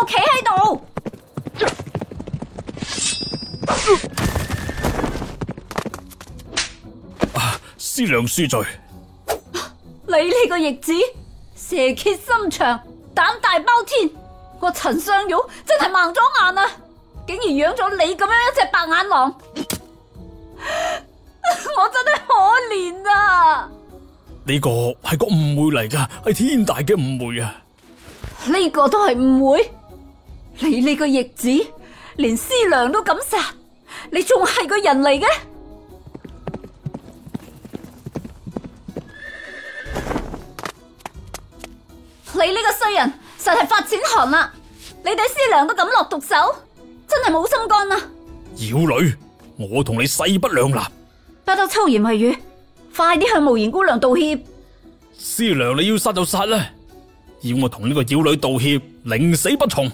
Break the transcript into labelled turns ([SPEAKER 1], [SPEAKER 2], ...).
[SPEAKER 1] 我企喺度。啊，
[SPEAKER 2] 師娘恕罪。
[SPEAKER 1] 啊、你呢個逆子，蛇蠍心腸，膽大包天。我陳湘玉真係盲咗眼啊，啊！竟然養咗你咁樣一隻白眼狼， 我真係可憐啊！
[SPEAKER 3] 呢、這個係個誤會嚟噶，係天大嘅誤會啊！
[SPEAKER 1] 呢、這個都係誤會。你呢個逆
[SPEAKER 4] 子，連師娘都敢殺，你仲係個人嚟嘅？
[SPEAKER 5] 你呢個衰人，實係發錢寒啦！你對師娘都敢落毒
[SPEAKER 6] 手，真係冇心肝啦！
[SPEAKER 7] 妖女，我同你勢不兩立，
[SPEAKER 6] 不得粗言穢語，快啲向無言姑娘道歉。
[SPEAKER 7] 師娘你要殺就殺啦，要我同呢個妖女道歉，寧死不從。